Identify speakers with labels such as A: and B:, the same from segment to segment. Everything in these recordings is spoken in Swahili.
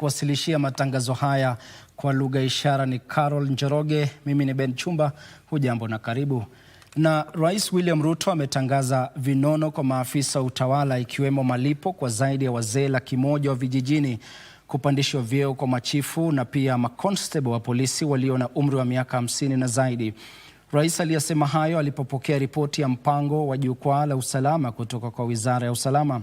A: Kuwasilishia matangazo haya kwa lugha ishara ni Carol Njoroge, mimi ni Ben Chumba. Hujambo na karibu. Na Rais William Ruto ametangaza vinono kwa maafisa utawala ikiwemo malipo kwa zaidi ya wazee laki moja wa vijijini, kupandishwa vyeo kwa machifu na pia makonstebo wa polisi walio na umri wa miaka hamsini na zaidi. Rais aliyesema hayo alipopokea ripoti ya mpango wa jukwaa la usalama kutoka kwa Wizara ya Usalama.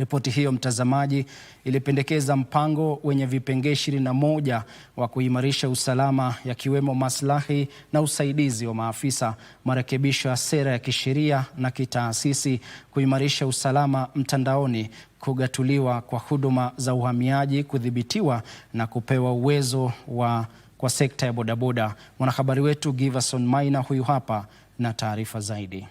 A: Ripoti hiyo mtazamaji, ilipendekeza mpango wenye vipengee moja wa kuimarisha usalama, yakiwemo maslahi na usaidizi wa maafisa, marekebisho ya sera ya kisheria na kitaasisi, kuimarisha usalama mtandaoni, kugatuliwa kwa huduma za uhamiaji, kudhibitiwa na kupewa uwezo wa kwa sekta ya bodaboda. Mwanahabari wetu Giverson Maina huyu hapa na taarifa zaidi.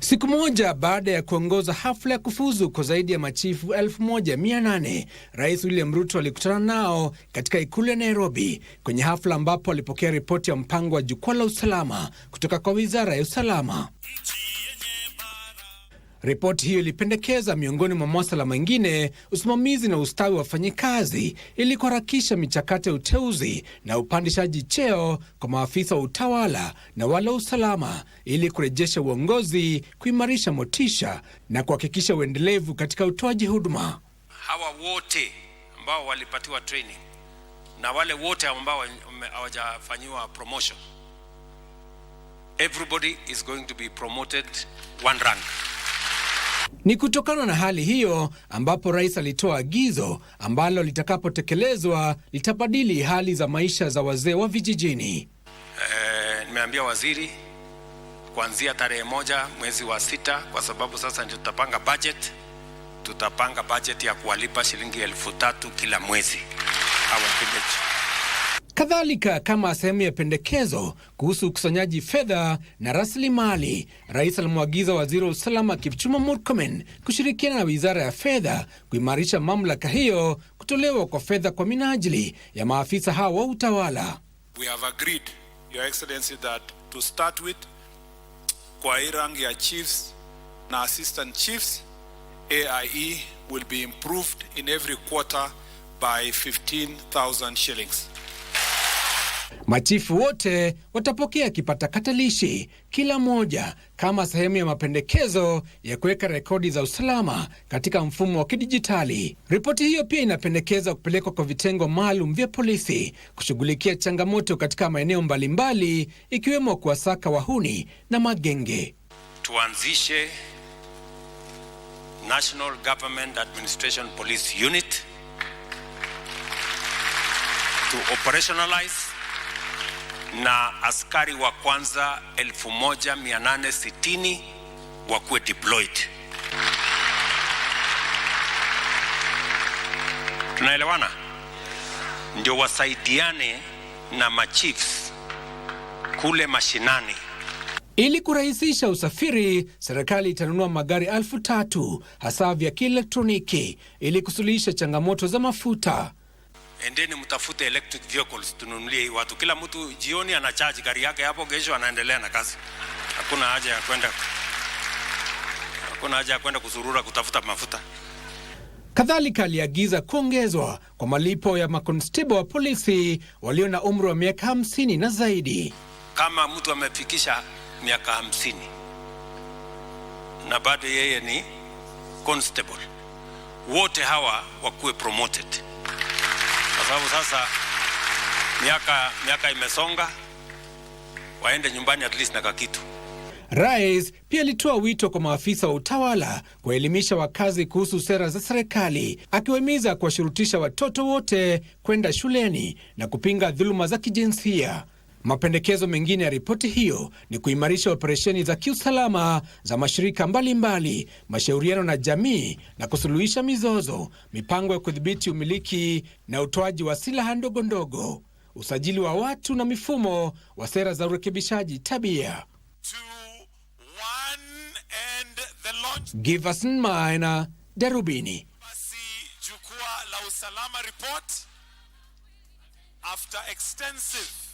A: Siku moja baada ya kuongoza hafla ya kufuzu kwa zaidi ya machifu 1800 Rais William Ruto alikutana nao katika ikulu ya Nairobi kwenye hafla ambapo alipokea ripoti ya mpango wa jukwaa la usalama kutoka kwa wizara ya usalama. Ripoti hiyo ilipendekeza miongoni mwa masuala mengine, usimamizi na ustawi wa wafanyikazi ili kuharakisha michakato ya uteuzi na upandishaji cheo kwa maafisa wa utawala na wale usalama ili kurejesha uongozi, kuimarisha motisha na kuhakikisha uendelevu katika utoaji huduma.
B: Hawa wote ambao walipatiwa training na wale wote ambao hawajafanyiwa promotion, everybody is going to be promoted one rank.
A: Ni kutokana na hali hiyo ambapo rais alitoa agizo ambalo litakapotekelezwa litabadili hali za maisha za wazee wa vijijini.
B: Eh, nimeambia waziri kuanzia tarehe moja mwezi wa sita, kwa sababu sasa ndio tutapanga budget. Tutapanga budget ya kuwalipa shilingi elfu tatu kila mwezi hawa
A: Kadhalika, kama sehemu ya pendekezo kuhusu ukusanyaji fedha na rasilimali, rais alimwagiza waziri wa usalama Kipchumba Murkomen kushirikiana na wizara ya fedha kuimarisha mamlaka hiyo kutolewa kwa fedha kwa minajili ya maafisa hawo wa utawala.
B: We have agreed, Your Excellency, that to start with kwa hii rangi ya chiefs na assistant chiefs AIE will be improved in every quarter by 15,000 shillings.
A: Machifu wote watapokea kipatakatalishi kila moja kama sehemu ya mapendekezo ya kuweka rekodi za usalama katika mfumo wa kidijitali. Ripoti hiyo pia inapendekeza kupelekwa kwa vitengo maalum vya polisi kushughulikia changamoto katika maeneo mbalimbali, ikiwemo kuwasaka wahuni na magenge.
B: Tuanzishe National Government Administration Police Unit to operationalize na askari wa kwanza 1860 wakuwe deployed. Tunaelewana? Ndio wasaidiane na machiefs kule mashinani.
A: Ili kurahisisha usafiri, serikali itanunua magari elfu tatu hasa vya kielektroniki ili kusuluhisha changamoto za mafuta
B: endeni mtafute electric vehicles tununulie hii watu. Kila mtu jioni anachaji gari yake hapo, kesho anaendelea na kazi. Hakuna haja ya kwenda, hakuna haja ya kwenda kuzurura kutafuta mafuta.
A: Kadhalika aliagiza kuongezwa kwa malipo ya makonstebo wa polisi walio na umri wa miaka hamsini na zaidi.
B: Kama mtu amefikisha miaka hamsini na bado yeye ni constable, wote hawa wakuwe promoted sababu sasa miaka, miaka imesonga, waende nyumbani at least na kakitu.
A: Rais pia alitoa wito kwa maafisa wa utawala kuelimisha wakazi kuhusu sera za serikali, akiwahimiza kuwashurutisha watoto wote kwenda shuleni na kupinga dhuluma za kijinsia. Mapendekezo mengine ya ripoti hiyo ni kuimarisha operesheni za kiusalama za mashirika mbalimbali, mashauriano na jamii na kusuluhisha mizozo, mipango ya kudhibiti umiliki na utoaji wa silaha ndogo ndogo, usajili wa watu na mifumo wa sera za urekebishaji tabia. Giverson Maina, Darubini. Jukwaa la Usalama Report. After extensive